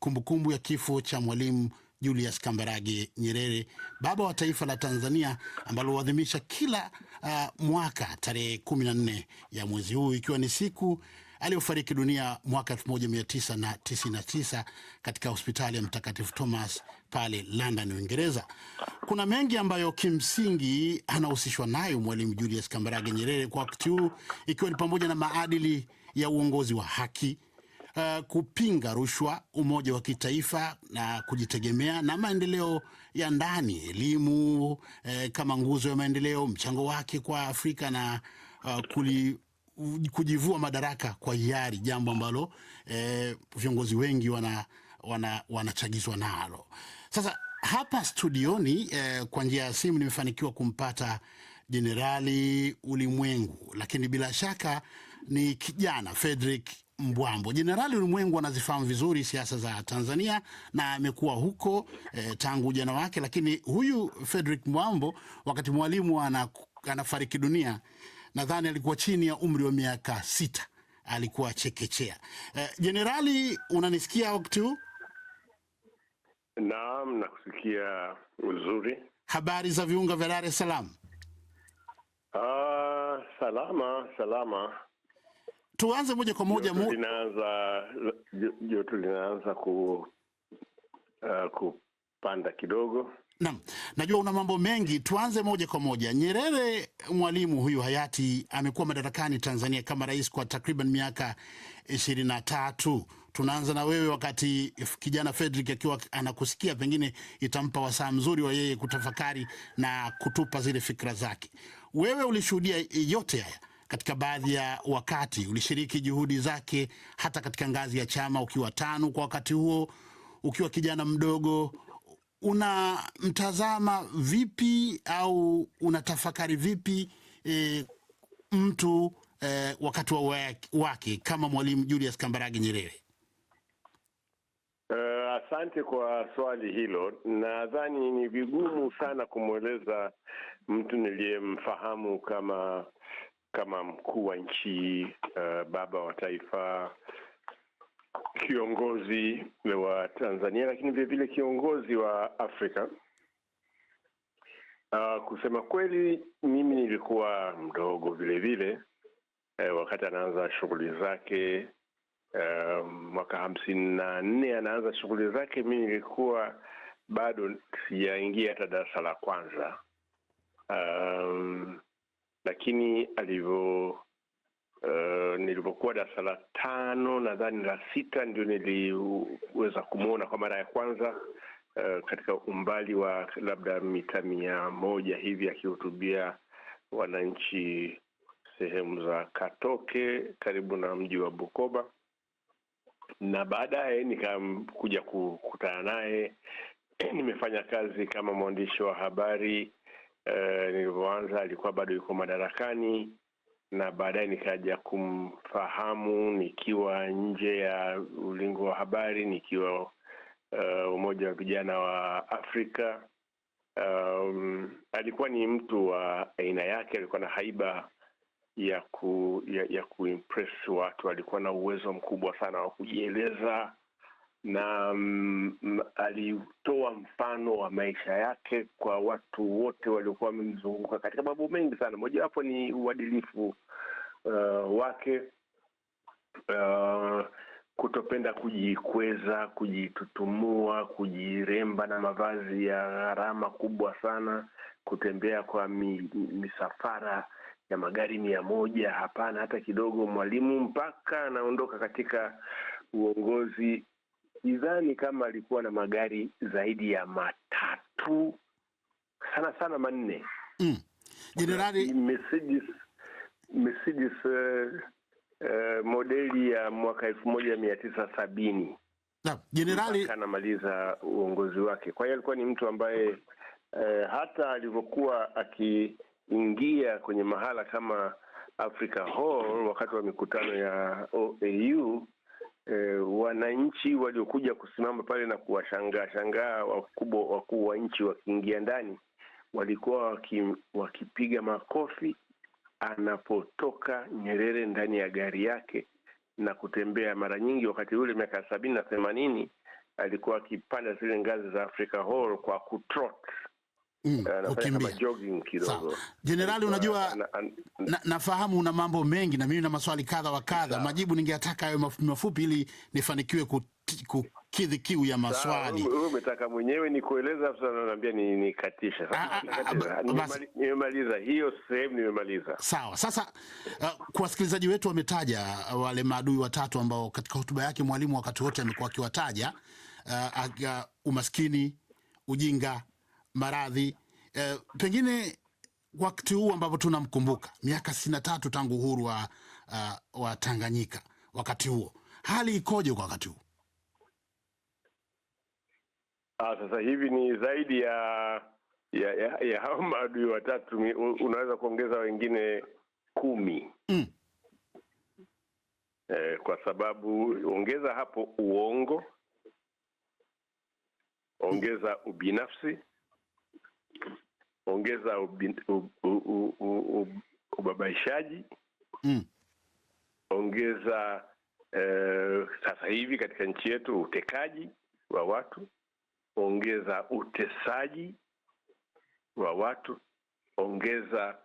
kumbukumbu ya kifo cha Mwalimu Julius Kambarage Nyerere, baba wa taifa la Tanzania, ambalo huadhimisha kila uh, mwaka tarehe kumi na nne ya mwezi huu ikiwa ni siku aliyofariki dunia mwaka 1999 katika hospitali ya Mtakatifu Thomas pale London, Uingereza. Kuna mengi ambayo kimsingi anahusishwa nayo Mwalimu Julius Kambarage Nyerere kwa wakati huu, ikiwa ni pamoja na maadili ya uongozi wa haki uh, kupinga rushwa, umoja wa kitaifa na kujitegemea na maendeleo ya ndani, elimu uh, kama nguzo ya maendeleo, mchango wake kwa Afrika na uh, kuli kujivua madaraka kwa hiari, jambo ambalo eh, viongozi wengi wana, wana, wanachagizwa nalo. Sasa hapa studioni eh, kwa njia ya simu nimefanikiwa kumpata Jenerali Ulimwengu, lakini bila shaka ni kijana Fredrick Mbwambo. Jenerali Ulimwengu anazifahamu vizuri siasa za Tanzania na amekuwa huko eh, tangu ujana wake, lakini huyu Frederick Mbwambo wakati Mwalimu anafariki dunia, nadhani alikuwa chini ya umri wa miaka sita, alikuwa chekechea. Eh, jenerali eh, unanisikia wakati huu? Naam, nakusikia uzuri. Habari za viunga vya Dar es Salaam? Ah, salama salama tuanze moja kwa moja. Joto linaanza joto linaanza ku, uh, kupanda kidogo. Naam, najua una mambo mengi, tuanze moja kwa moja. Nyerere mwalimu huyu hayati amekuwa madarakani Tanzania kama rais kwa takriban miaka ishirini na tatu. Tunaanza na wewe, wakati kijana Fredrick akiwa anakusikia, pengine itampa wasaa mzuri wa yeye kutafakari na kutupa zile fikra zake. Wewe ulishuhudia yote haya katika baadhi ya wakati ulishiriki juhudi zake hata katika ngazi ya chama ukiwa TANU kwa wakati huo, ukiwa kijana mdogo. Unamtazama vipi au unatafakari vipi e, mtu e, wakati wa wake kama Mwalimu Julius Kambarage Nyerere? E, asante kwa swali hilo. Nadhani ni vigumu sana kumweleza mtu niliyemfahamu kama kama mkuu wa nchi uh, baba wa taifa, kiongozi wa Tanzania, lakini vile vile kiongozi wa Afrika. Uh, kusema kweli mimi nilikuwa mdogo vile vile eh, wakati anaanza shughuli zake uh, mwaka hamsini na nne anaanza shughuli zake, mii nilikuwa bado sijaingia hata darasa la kwanza. Um, lakini alivyo Uh, eh, nilivyokuwa darasa la tano nadhani la sita ndio niliweza kumwona kwa mara ya kwanza uh, katika umbali wa labda mita mia moja hivi akihutubia wananchi sehemu za Katoke karibu na mji wa Bukoba, na baadaye nikakuja kukutana naye. Nimefanya kazi kama mwandishi wa habari e, nilivyoanza alikuwa bado yuko madarakani na baadaye nikaja kumfahamu nikiwa nje ya ulingo wa habari nikiwa uh, umoja wa vijana wa Afrika. Um, alikuwa ni mtu wa aina yake, alikuwa na haiba ya ku, ya, ya kuimpress watu. Alikuwa na uwezo mkubwa sana wa kujieleza na mm, alitoa mfano wa maisha yake kwa watu wote waliokuwa wamemzunguka katika mambo mengi sana. Mojawapo ni uadilifu uh, wake uh, kutopenda kujikweza, kujitutumua, kujiremba na mavazi ya gharama kubwa sana, kutembea kwa mi, misafara ya magari mia moja. Hapana hata kidogo. Mwalimu mpaka anaondoka katika uongozi Sidhani kama alikuwa na magari zaidi ya matatu, sana sana manne. Mm. Jenerali mm. Mercedes, Mercedes uh, uh, modeli ya mwaka elfu moja mia tisa sabini jenerali anamaliza uongozi wake. Kwa hiyo alikuwa ni mtu ambaye uh, hata alivyokuwa akiingia kwenye mahala kama Africa Hall wakati wa mikutano ya OAU e, wananchi waliokuja kusimama pale na kuwashangaa shangaa wakubwa wakuu wa nchi wakiingia ndani, walikuwa waki, wakipiga makofi anapotoka Nyerere ndani ya gari yake na kutembea. Mara nyingi wakati ule miaka sabini na themanini alikuwa akipanda zile ngazi za Africa Hall kwa kutrot Eh, Jenerali, unajua na, nafahamu una mambo mengi na mimi na maswali kadha wa kadha, majibu ningeataka hayo mafupi mafupi ili nifanikiwe kukidhi kiu ya maswali. umetaka mwenyewe afu ni ah, ah, ah, nimemaliza hiyo sehemu nimemaliza. Sawa. Sasa uh, kwa wasikilizaji wetu wametaja eh, wale maadui watatu ambao katika hotuba yake mwalimu wakati wote amekuwa akiwataja uh, uh, umaskini, ujinga maradhi e, pengine wakati huu ambapo tunamkumbuka miaka sitini na tatu tangu uhuru wa, uh, wa Tanganyika, wakati huo hali ikoje kwa wakati huo? Ah, sasa hivi ni zaidi ya ya, ya, ya hao maadui watatu, unaweza kuongeza wengine kumi mm. Eh, kwa sababu ongeza hapo uongo, ongeza ubinafsi ongeza ubabaishaji mm. Ongeza eh, sasa hivi katika nchi yetu utekaji wa watu, ongeza utesaji wa watu, ongeza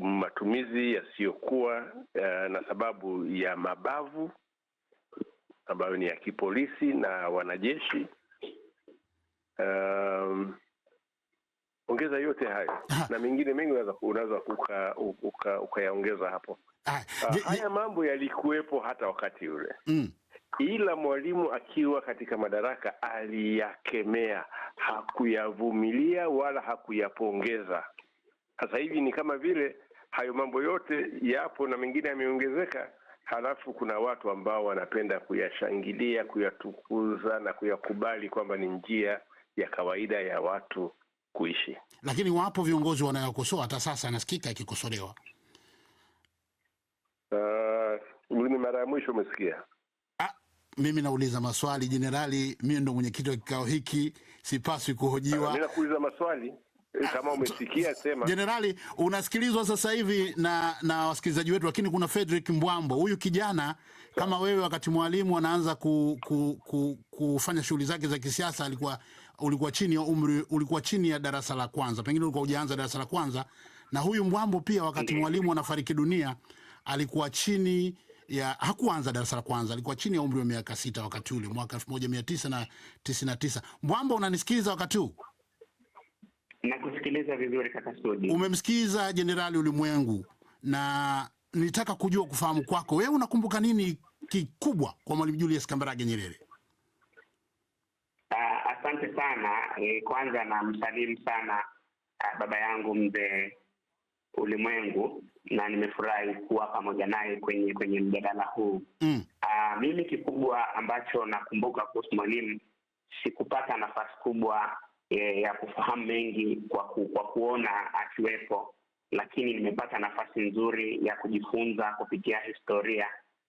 matumizi yasiyokuwa eh, na sababu ya mabavu ambayo ni ya kipolisi na wanajeshi um, ongeza yote hayo ah. na mengine mengi unaweza ukayaongeza hapo. ha. uh, ah, haya mambo yalikuwepo hata wakati ule mm. Ila mwalimu akiwa katika madaraka aliyakemea, hakuyavumilia wala hakuyapongeza. Sasa hivi ni kama vile hayo mambo yote yapo na mengine yameongezeka, halafu kuna watu ambao wanapenda kuyashangilia, kuyatukuza na kuyakubali kwamba ni njia ya kawaida ya watu kuishi. Lakini wapo viongozi wanayokosoa hata sasa, anasikika akikosolewa. Uh, ni mara ya mwisho umesikia? Ah, mimi nauliza maswali jenerali, mimi ndo mwenyekiti wa kikao hiki, sipaswi kuhojiwa. Ah, mimi nakuuliza maswali eh, kama ah, umesikia sema. Jenerali, unasikilizwa sasa hivi na na wasikilizaji wetu, lakini kuna Fredrick Mbwambo, huyu kijana kama wewe, wakati mwalimu anaanza ku, ku, ku, kufanya shughuli zake za kisiasa alikuwa ulikuwa chini ya umri, ulikuwa chini ya darasa la kwanza, pengine ulikuwa hujaanza darasa la kwanza. Na huyu Mbwambo pia wakati mwalimu anafariki dunia alikuwa chini ya hakuanza darasa la kwanza, alikuwa chini ya umri wa miaka sita wakati ule, mwaka elfu moja mia tisa na tisini na tisa. Mbwambo, unanisikiliza wakati huu? Nakusikiliza vizuri kaka Sudi. Umemsikiliza Jenerali Ulimwengu, na nilitaka kujua kufahamu kwako wewe unakumbuka nini kikubwa kwa Mwalimu Julius Kambarage Nyerere? asante sana e, kwanza namsalimu sana a, baba yangu mzee Ulimwengu na nimefurahi kuwa pamoja naye kwenye kwenye mjadala huu mm. Aa, mimi kikubwa ambacho nakumbuka kuhusu Mwalimu, sikupata nafasi kubwa e, ya kufahamu mengi kwa, ku, kwa kuona akiwepo, lakini nimepata nafasi nzuri ya kujifunza kupitia historia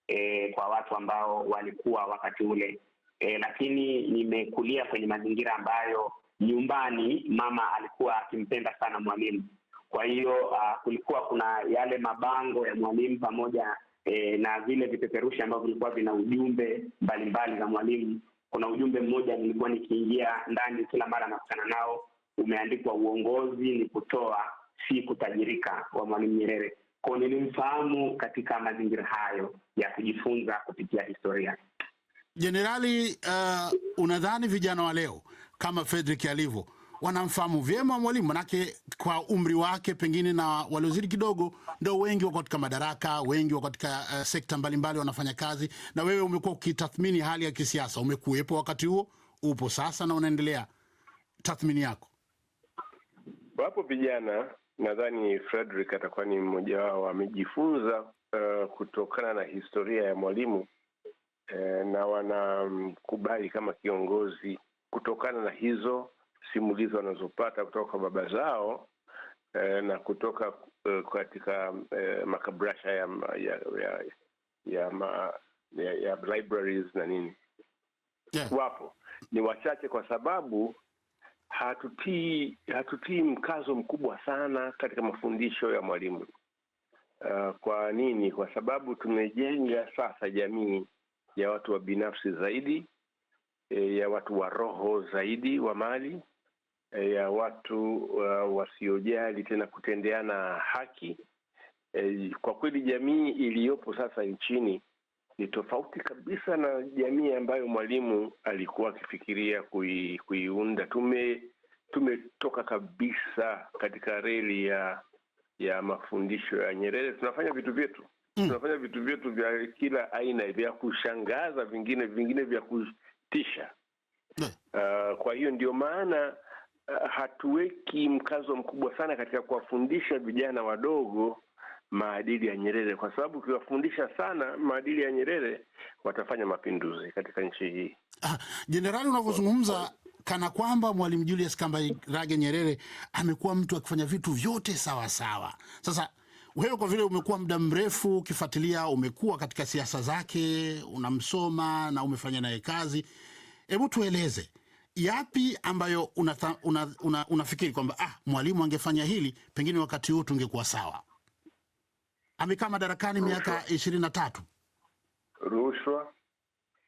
e, kwa watu ambao walikuwa wakati ule e, lakini nimekulia kwenye mazingira ambayo nyumbani mama alikuwa akimpenda sana mwalimu. Kwa hiyo uh, kulikuwa kuna yale mabango ya mwalimu pamoja e, na vile vipeperushi ambavyo vilikuwa vina ujumbe mbalimbali za mwalimu. Kuna ujumbe mmoja nilikuwa nikiingia ndani kila mara anakutana nao, umeandikwa uongozi ni kutoa, si kutajirika, wa mwalimu Nyerere. Kwa nilimfahamu katika mazingira hayo ya kujifunza kupitia historia. Jenerali, uh, unadhani vijana wa leo kama Fredrick alivyo wanamfahamu vyema Mwalimu? Manake kwa umri wake pengine na waliozidi kidogo, ndo wengi wako katika madaraka, wengi wako katika uh, sekta mbalimbali wanafanya kazi. Na wewe umekuwa ukitathmini hali ya kisiasa, umekuwepo wakati huo, upo sasa na unaendelea, tathmini yako? Wapo vijana, nadhani Fredrick atakuwa ni mmoja wao, amejifunza uh, kutokana na historia ya Mwalimu Eh, na wanamkubali kama kiongozi kutokana na hizo simulizi wanazopata kutoka kwa baba zao eh, na kutoka eh, katika eh, makabrasha ya ya ya, ya, ma, ya ya libraries na nini yeah. Wapo ni wachache kwa sababu hatutii hatutii mkazo mkubwa sana katika mafundisho ya mwalimu. Uh, kwa nini? Kwa sababu tumejenga sasa jamii ya watu wa binafsi zaidi, e, ya watu wa roho zaidi wa mali e, ya watu wa, wasiojali tena kutendeana haki e, kwa kweli jamii iliyopo sasa nchini ni tofauti kabisa na jamii ambayo Mwalimu alikuwa akifikiria kui, kuiunda. Tume tumetoka kabisa katika reli ya ya mafundisho ya Nyerere, tunafanya vitu vyetu mm. tunafanya vitu vyetu vya kila aina vya kushangaza, vingine vingine vya kutisha mm. uh, kwa hiyo ndio maana uh, hatuweki mkazo mkubwa sana katika kuwafundisha vijana wadogo maadili ya Nyerere kwa sababu ukiwafundisha sana maadili ya Nyerere watafanya mapinduzi katika nchi hii. Ah, Jenerali, unavyozungumza kana kwamba Mwalimu Julius Kambarage Nyerere amekuwa mtu akifanya vitu vyote sawasawa sawa. Sasa wewe kwa vile umekuwa muda mrefu ukifuatilia, umekuwa katika siasa zake, unamsoma na umefanya naye kazi, hebu tueleze yapi ambayo unata, una, una, unafikiri kwamba ah, Mwalimu angefanya hili pengine wakati huu tungekuwa sawa. Amekaa madarakani miaka ishirini na tatu. Rushwa,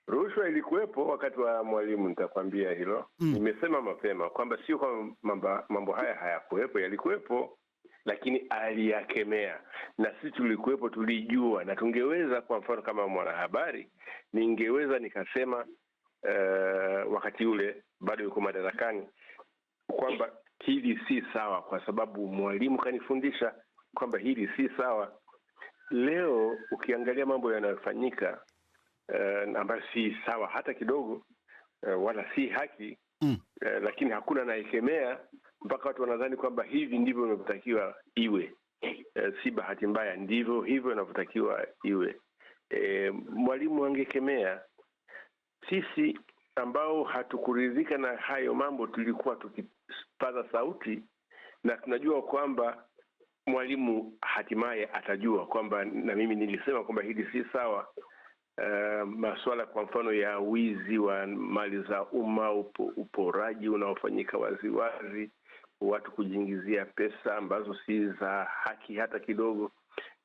rushwa ilikuwepo wakati wa Mwalimu, nitakwambia hilo mm. mapema kwamba sio kwamba mambo haya hayakuwepo, yalikuwepo lakini aliyakemea, na sisi tulikuwepo, tulijua, na tungeweza, kwa mfano kama mwanahabari, ningeweza nikasema uh, wakati ule bado yuko madarakani kwamba hili si sawa, kwa sababu mwalimu kanifundisha kwamba hili si sawa. Leo ukiangalia mambo yanayofanyika uh, ambayo si sawa hata kidogo, uh, wala si haki mm. Uh, lakini hakuna anayekemea mpaka watu wanadhani kwamba hivi ndivyo inavyotakiwa iwe. E, si bahati mbaya, ndivyo hivyo inavyotakiwa iwe. E, mwalimu angekemea sisi ambao hatukuridhika na hayo mambo, tulikuwa tukipaza sauti na tunajua kwamba mwalimu hatimaye atajua kwamba na mimi nilisema kwamba hili si sawa. Uh, e, masuala kwa mfano ya wizi wa mali za umma, upo, uporaji unaofanyika waziwazi watu kujiingizia pesa ambazo si za haki hata kidogo.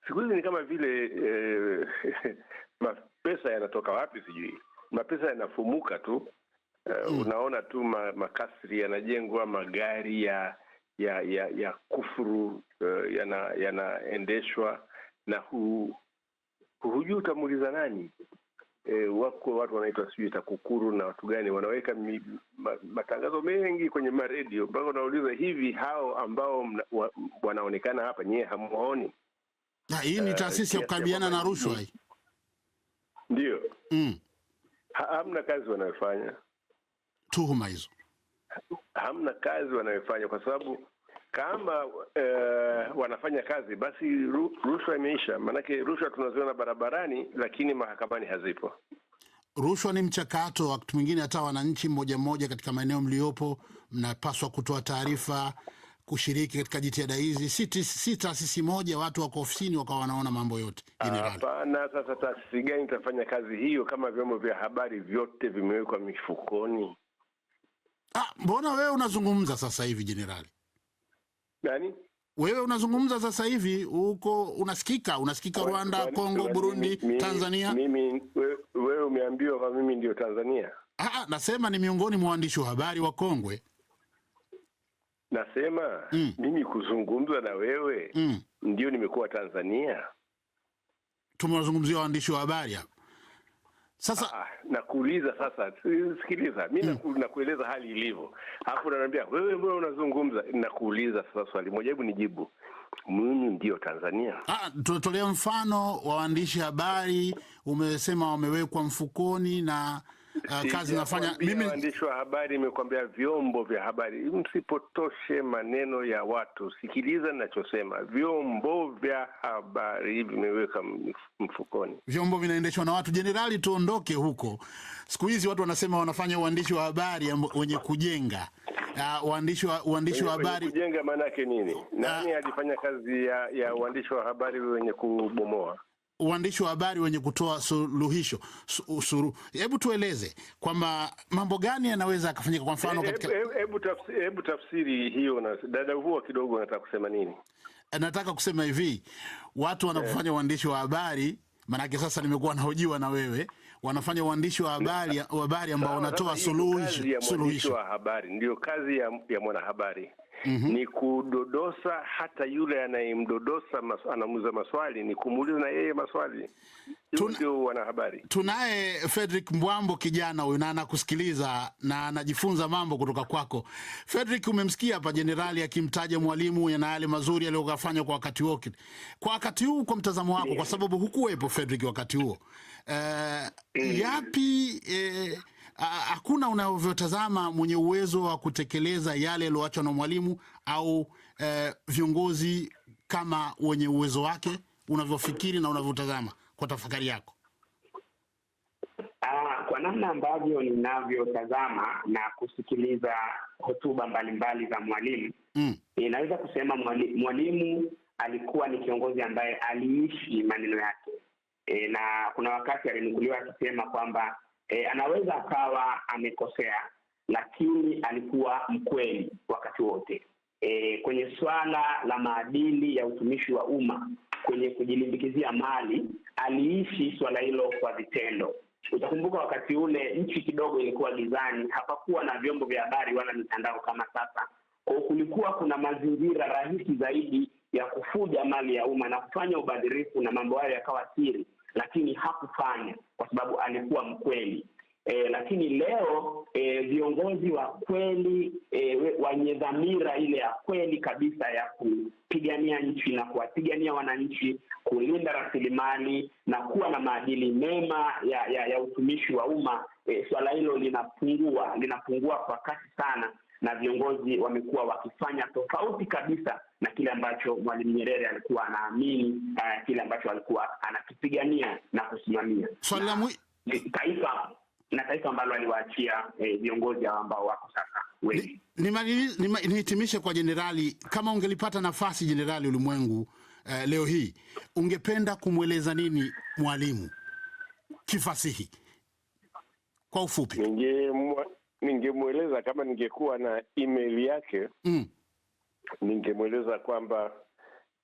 Siku hizi ni kama vile eh, mapesa yanatoka wapi sijui, mapesa yanafumuka tu eh, hmm. unaona tu makasri yanajengwa, magari ya ya ya, ya kufuru eh, yanaendeshwa yana na hu, hujui utamuuliza nani e, wako watu wanaitwa sijui TAKUKURU na watu gani wanaweka mi, ma, matangazo mengi kwenye maredio mpaka unauliza hivi, hao ambao mna, wa, wanaonekana hapa nyewe hamwaoni? Na hii ni eh, taasisi ya kukabiliana na rushwa hii, ndio mm. Ha, hamna kazi wanayofanya, tuhuma hizo hamna kazi wanayofanya kwa sababu kama uh, wanafanya kazi basi ru, rushwa imeisha. Maanake rushwa tunaziona barabarani, lakini mahakamani hazipo. Rushwa ni mchakato. Wakati mwingine hata wananchi mmoja mmoja katika maeneo mliopo mnapaswa kutoa taarifa, kushiriki katika jitihada hizi. Si taasisi moja watu wako ofisini wakawa wanaona mambo yote. Hapana. Sasa taasisi gani itafanya kazi hiyo kama vyombo vya habari vyote vimewekwa mifukoni? Ah, mbona wewe unazungumza sasa hivi jenerali? Nani? Wewe unazungumza sasa hivi huko, unasikika unasikika Rwanda Kongo Burundi mi, Tanzania. Mimi wewe umeambiwa kwa mimi ndio Tanzania? Aa, ah, ah, nasema ni miongoni mwa waandishi wa habari wa kongwe nasema mm. Mimi kuzungumza na wewe mm. Ndio nimekuwa Tanzania. Tumewazungumzia waandishi wa habari hapa sasa ah, ah, nakuuliza sasa, sikiliza mi mm. nakueleza hali ilivyo, alafu unaniambia wewe mbona unazungumza. Nakuuliza sasa swali moja, hebu nijibu, mimi ndio Tanzania. Ah, ah tutolea mfano wa waandishi habari, umesema wamewekwa mfukoni na uh, kazi nafanya mimi. Waandishi wa habari, imekwambia vyombo vya habari, msipotoshe maneno ya watu, sikiliza ninachosema. Vyombo vya habari vimeweka mfukoni, vyombo vinaendeshwa na watu. Jenerali, tuondoke huko. Siku hizi watu wanasema wanafanya uandishi wa habari wenye kujenga ah, uandishi uh, wa habari kujenga, maana nini? Ah. Nani uh, alifanya kazi ya uandishi wa habari wenye kubomoa? uandishi wa habari wenye kutoa suluhisho suru. Hebu tueleze kwamba mambo gani yanaweza akafanyika kwa mfano eh, katika... Hebu tafsiri, hebu tafsiri hiyo na dada huwa kidogo nataka kusema nini? Eh, nataka kusema hivi watu wanapofanya eh. uandishi wa habari maanake sasa nimekuwa nahojiwa na wewe, wanafanya uandishi wa habari habari ambao wanatoa suluhisho. Suluhisho wa habari ndio kazi ya, ya mwanahabari mm -hmm. ni kudodosa hata yule anayemdodosa mas, anamuuza maswali ni kumuuliza na yeye maswali. Hiyo ndio wanahabari. Tunaye Fredrick Mbwambo, kijana huyu, na anakusikiliza na anajifunza mambo kutoka kwako. Fredrick, umemsikia hapa jenerali akimtaja Mwalimu na yale mazuri aliyokafanya kwa wakati wake, kwa wakati huu, kwa mtazamo wako, kwa eh. sababu hukuwepo Fredrick wakati huo, uh, mm. yapi eh, hakuna unavyotazama mwenye uwezo wa kutekeleza yale yaliyoachwa na mwalimu au e, viongozi kama wenye uwezo wake unavyofikiri na unavyotazama kwa tafakari yako? Aa, kwa namna ambavyo ninavyotazama na kusikiliza hotuba mbalimbali za mwalimu mm, inaweza kusema mwalimu, mwalimu alikuwa ni kiongozi ambaye aliishi maneno yake e, na kuna wakati alinukuliwa akisema kwamba e, anaweza akawa amekosea, lakini alikuwa mkweli wakati wote e, kwenye swala la maadili ya utumishi wa umma, kwenye kujilimbikizia mali, aliishi swala hilo kwa vitendo. Utakumbuka wakati ule nchi kidogo ilikuwa gizani, hapakuwa na vyombo vya habari wala mitandao kama sasa. Kwa kulikuwa kuna mazingira rahisi zaidi ya kufuja mali ya umma na kufanya ubadhirifu na mambo hayo yakawa siri, lakini hakufanya kwa sababu alikuwa mkweli. E, lakini leo e, viongozi wa kweli e, wenye dhamira ile ya kweli kabisa ya kupigania nchi na kuwapigania wananchi, kulinda rasilimali na kuwa na maadili mema ya, ya, ya utumishi wa umma e, swala hilo linapungua linapungua kwa kasi sana, na viongozi wamekuwa wakifanya tofauti kabisa na kile ambacho Mwalimu Nyerere alikuwa anaamini, uh, kile ambacho alikuwa anakipigania na kusimamia taifa na taifa ambalo aliwaachia eh, viongozi hao ambao wako sasa wengi. Nihitimishe kwa jenerali, kama ungelipata nafasi Jenerali Ulimwengu eh, leo hii ungependa kumweleza nini Mwalimu kifasihi kwa ufupi? ningemweleza kama ningekuwa na email yake mm. ningemweleza kwamba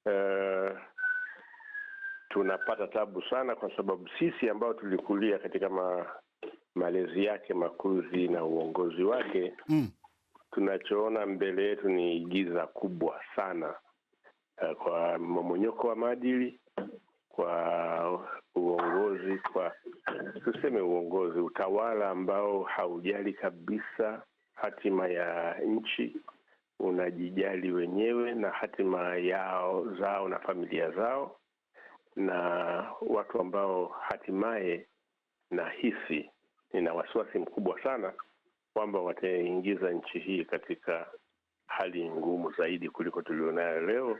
uh, tunapata tabu sana kwa sababu sisi ambao tulikulia katika ma, malezi yake makuzi na uongozi wake mm. tunachoona mbele yetu ni giza kubwa sana uh, kwa mmomonyoko wa maadili kwa uongozi, kwa tuseme uongozi, utawala ambao haujali kabisa hatima ya nchi, unajijali wenyewe na hatima yao zao na familia zao, na watu ambao hatimaye nahisi, nina wasiwasi mkubwa sana kwamba wataingiza nchi hii katika hali ngumu zaidi kuliko tulionayo leo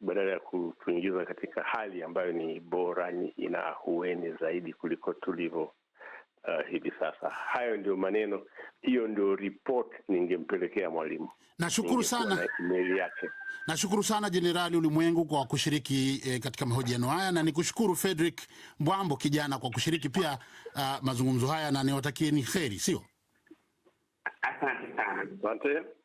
badala ya kutuingiza katika hali ambayo ni bora, ina hueni zaidi kuliko tulivyo uh, hivi sasa. Hayo ndio maneno, hiyo ndio ripoti ningempelekea mwalimu. Nashukuru sana, yake. Nashukuru sana Jenerali Ulimwengu kwa kushiriki eh, katika mahojiano haya, na nikushukuru Fredrick Mbwambo kijana kwa kushiriki pia uh, mazungumzo haya, na niwatakieni heri, sio? Asante sana.